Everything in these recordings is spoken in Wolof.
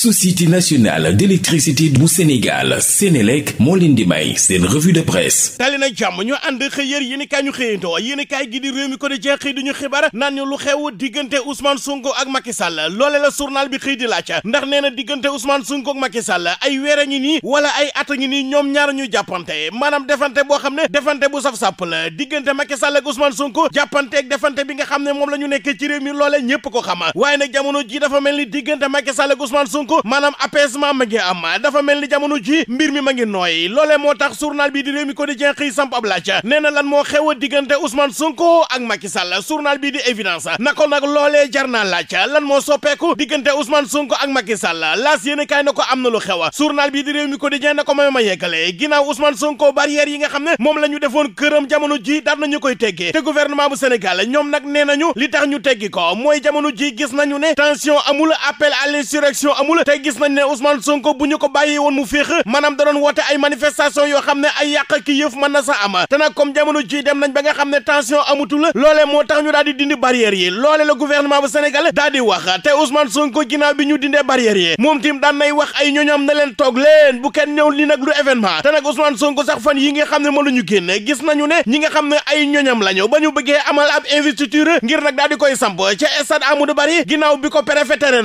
société nationale d'électricité bu Sénégal Sénélec moo leen di may seen revue de presse dali na jàmm ñu ànd xëy yér yéen i kaay ñu xëyantoo yéen i kaay gi di réew mi ko di jeex xëy di ñu xibaar naan ñu lu xew diggante Ousmane Sonko ak Macky Sall loole la journal bi xëy di laaj ndax nee na diggante Ousmane Sonko ak Macky Sall ay weer a ngi nii wala ay at a ngi nii ñoom ñaar ñu jàppante maanaam defante boo xam ne defante bu saf sàpp la diggante Macky Sall ak Sonko maanaam apaisement ma ngi am dafa mel ni jamono ji mbir mi ma ngi nooy loolee moo tax journal bi di Rewmi Quotidien xëy samp ab laaj nee na lan moo xew a diggante Ousmane Sonko ak Macky Sall journal bi di na ko nag loolee jar naa laaj lan moo soppeeku diggante Ousmane Sonko ak Macky Sall na ko am na lu xew a journal bi di Rewmi Quotidien na ko may ma yeggale ginnaaw Ousmane yi nga xam ne moom la ñu defoon këram jamono ji daan nañu koy teggee te gouvernement bu Sénégal ñoom nag nee nañu li tax ñu teggi ko mooy jamono ji gis nañu ne doxul te gis nañ ne Ousmane Sonko bu ñu ko bàyyi woon mu féex maanaam da doon woote ay manifestation yoo xam ne ay yàq ki yëf mën na sa am te nag comme jamono ji dem nañ ba nga xam ne tension amutul loole moo tax ñu daal di dindi barrières yi loolee la gouvernement ba Sénégal daal di wax te Ousmane Sonko ginnaaw bi ñu dindee barrières yi moom tim daan nay wax ay ñam na leen toog leen bu kenn ñëw li nag lu événement te nag Ousmane Sonko sax fan yi nga xam ne ma lu ñu génn gis nañu ne ñi nga xam ne ay ñoñam lañu ba ñu bëggee amal ab investiture ngir nag daal di koy samp ca stade Amadou Barry ginnaaw bi ko préfet tere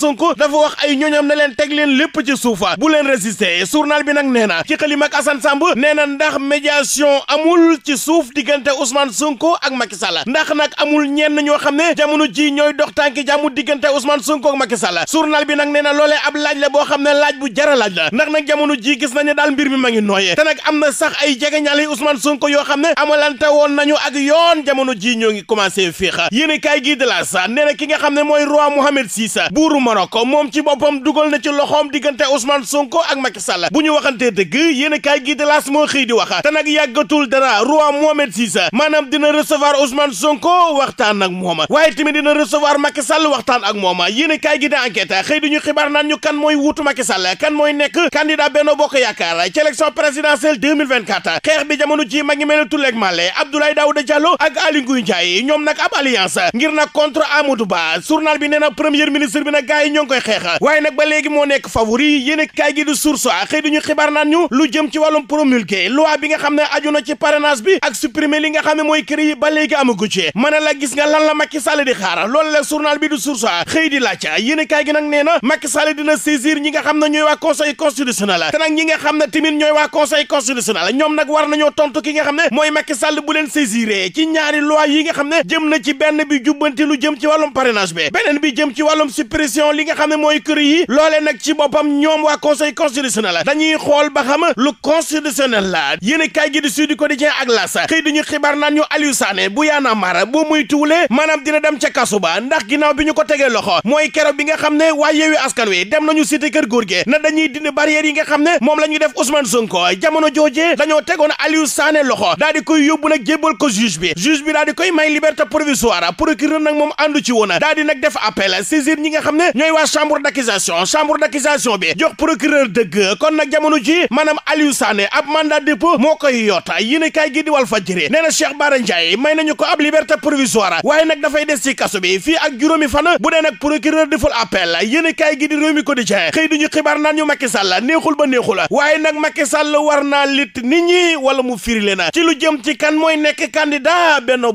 Sonko dafa wax ay ñoñam na leen teg lépp ci suufa bu leen résister journal bi nag nee na ci xëlim ak Assane Samb nee na ndax médiation amul ci suuf diggante Ousmane Sonko ak Macky Sall ndax nag amul ñenn ñoo xam ne jamono ji ñooy dox tànki jàmmu diggante Ousmane Sonko ak Macky Sall journal bi nag nee na loolee ab laaj la boo xam ne laaj bu jara laaj la ndax nag jamono ji gis nañu daal mbir mi ma ngi nooyee te am na sax ay jegeñaale Ousmane Sonko yoo xam ne amalante woon nañu ak yoon jamono ji ñoo ngi commencé féexa yéen kaay gi de la sa nee na ki nga xam ne mooy roi Mohamed VI buuru Maroc moom ci boppam dugal na ci loxoom diggante Ousmane Sonko ak Macky salla bu ñu waxantee dëgg yéen a kaay gi de laas moo xëy di wax te nag yàggatul dara roi Mohamed Sisa maanaam dina recevoir Ousmane Sonko waxtaan ak moom waaye tamit dina recevoir Macky Sall waxtaan ak moom yéen a kaay gi de enquête xëy di ñu xibaar naan ñu kan mooy wuutu Macky salla kan mooy nekk candidat Benno Bokk Yaakaar ci élection présidentielle 2024 xeex bi jamono ji ma ngi mel ni tulleeg male Abdoulaye Daouda Diallo ak Aly Ngouille ñoom nag ab alliance ngir nag contre Amadou Ba journal bi nee na premier ministre bi nag gars yi ñoo ngi koy xeex waaye nag ba léegi moo nekk favori yéen kaay gi di source xëy duñu xibaar na ñu lu jëm ci wàllum promulgué loi bi nga xam ne aju na ci parrainage bi ak supprimer li nga xam ne mooy kër yi ba léegi amagu ci mën a la gis nga lan la Macky Sall di xaar loolu la journal bi di source xëy di laaj yéen kaay gi nag nee na Macky Sall na saisir ñi nga xam ne ñooy waa conseil constitutionnel te nag ñi nga xam ne tamit ñooy waa conseil constitutionnel ñoom nag war nañoo tontu ki nga xam ne mooy Macky Sall bu leen saisiré ci ñaari loi yi nga xam ne jëm na ci benn bi jubbanti lu jëm ci wàllum parrainage bi beneen bi jëm ci wàllum suppression li nga xam ne mooy escrocs yi loolee nag ci boppam ñoom waa conseil constitutionnel dañuy xool ba xam lu constitutionnel la yéen kaay gi di Sud Quotidien ak L'As xëy dañu xibaar naan ñu Aliou Sané bu yaana mara bu muy tuulee maanaam dina dem ca kasu ba ndax ginnaaw bi ñu ko tegee loxo mooy keroog bi nga xam ne waa Yewwi Askan Wi dem nañu cité kër góor gi na dañuy dindi barrières nga xam ne moom la def Ousmane Sonko jamono joojee dañoo tegoon Aliou Sané loxo daal di yóbbu nag jébbal ko juge d'accusation chambre d'accusation bi jox procureur dëgg kon nag jamono ji maanaam Aliou Sané ab mandat dépôt moo koy yoota yéen a kaay gi di wal fajiri nee na Cheikh Bara Ndiaye may nañu ko ab liberté provisoire waaye nag dafay des ci kaso bi fii ak juróomi fan bu dee nag procureur deful appel yéen a kaay gi di réew mi quotidien xibaar naan ñu Macky Sall neexul ba neexul waaye nag Macky Sall war lit nit ñi wala mu firi leen ci jëm ci kan mooy nekk candidat Benno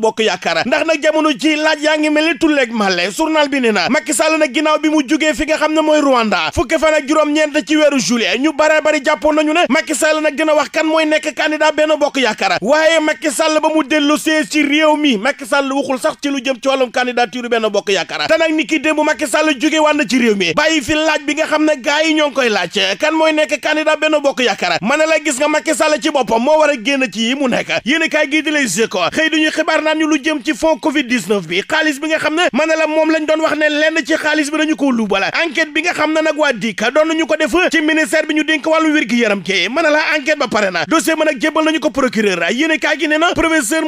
xam ne mooy Rwanda fukki fan ak juróom ci weeru juillet ñu bare bari jàppoon nañu ne Macky Sall nag dina wax kan mooy nekk candidat benn bokk yaakaar waaye Macky Sall ba dellu see ci mi Macky Sall waxul sax ci lu jëm ci wàllum candidature benn bokk yaakaar te nag ni ki démb Macky Sall jóge wànn ci réew mi bàyyi fi laaj bi nga xam ne gars yi ñoo ngi koy laaj kan mooy nekk candidat benn bokk yaakaar ma ne la gis nga Macky Sall ci boppam moo war a génn ci yi mu nekk yéen kaay gii di lay ko xëy duñu xibaar naan ñu lu jëm ci fond covid 19 bi xaalis bi nga xam ne ma ne la moom lañ doon wax ne lenn ci xaalis bi dañu ko luubala enquête bi nga xam ne nag waa DIC doon nañu ko def ci ministère bi ñu dénk wàllu wér-gi-yaram ci mën a la enquête ba pare na dossier ba nag jébbal nañu ko procureur yéene kaay gi ne na professeur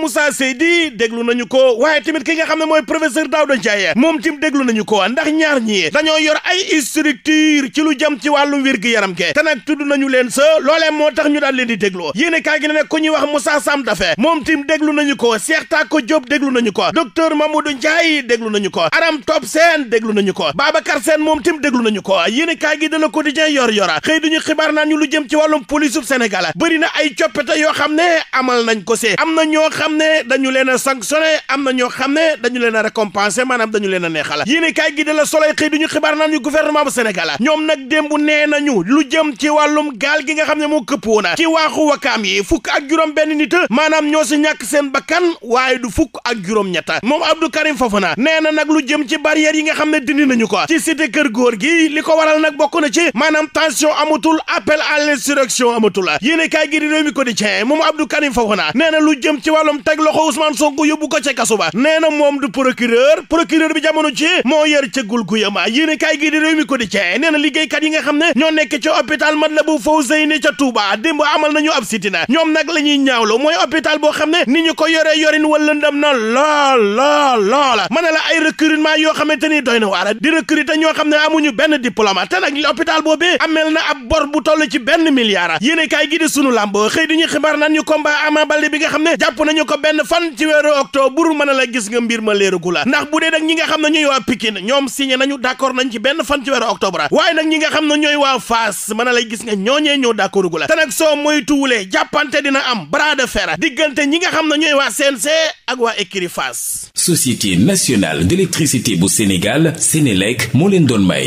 ko waaye tamit ki nga xam ne mooy professeur Daouda Ndiaye moom tim déglu nañu ko ndax ñaar ñi dañoo yor ay structure ci lu jëm ci wàllu wér yaram ke te nag tudd nañu leen sa loolee moo tax ñu daal leen di déglu yéene kaay gi ne nag ku ñuy wax Moussa Sam Dafe moom tim déglu nañu ko Cheikh Tako Diop déglu nañu ko docteur Mamadou Ndiaye déglu nañu ko Aram Top Sène déglu nañu ko Babacar Sène moom tim dem déglu ñu ko yéen kaay gi de Le Quotidien yor yora xëy duñu xibaar naan ñu lu jëm ci wàllum police sub Sénégal bëri na ay coppite yoo xam ne amal nañ ko see am na ñoo xam ne dañu leen a sanctionné am na ñoo xam ne dañu leen a récompensé maanaam dañu leen a neexal yéen kaay gi de Le Soleil xëy duñu xibaar naan ñu gouvernement bu Sénégal ñoom nag démb nee na nañu lu jëm ci wàllum gaal gi nga xam ne moo këpp woon ci wa wakaam yi fukk ak juróom benn nit maanaam ñoo si ñàkk seen bakkan waaye du fukk ak juróom ñetta moom Abdou Karim Fofana nee na nag lu jëm ci barrière yi nga xam ne dindi nañu ko ci kër góor góor gi li ko waral nag bokk na ci maanaam tension amatul appel à l'insurrection amatul yéene kaay gi di réew mi quotidien moom Abdou Karim Fofana nee na lu jëm ci wàllum teg loxo Ousmane Sonko yóbbu ko ca kaso ba na moom du procureur procureur bi jamono ci moo yer cëggul gu yama yéene kaay gi di réew mi quotidien nee na liggéeykat yi nga xam ne ñoo nekk ci hôpital Matlaboul Fawzayni ca Touba démb amal nañu ab sitina ñoom nag la ñuy ñaawlo mooy hôpital boo xam ne ni ko yoree yorin wala ndam na lool lool loola ma ne yoo xamante ni doy na waara ñu benn diplôme te nag boo boobee amel na ab bor bu toll ci benn milliard yéene kaay gi sunu làmb xëy di ñu xibaar naan ñu combat Ama Baldé bi nga xam ne jàpp nañu ko benn fan ci weeru octobre mën a la gis nga mbir ma léerugu la ndax bu dee nag ñi nga xam ne ñooy waa Pikine ñoom signé nañu d'accord nañ ci benn fan ci weeru octobre waaye nag ñi nga xam ne ñooy waa Fass mën a lay gis nga ñooñee ñoo d'accord gu la te nag soo moytuwulee jàppante dina am bras de fer diggante ñi nga xam ne ñooy waa CNC ak waa écurie Fass Société nationale d'électricité bu Sénégal Sénélec moo leen doon may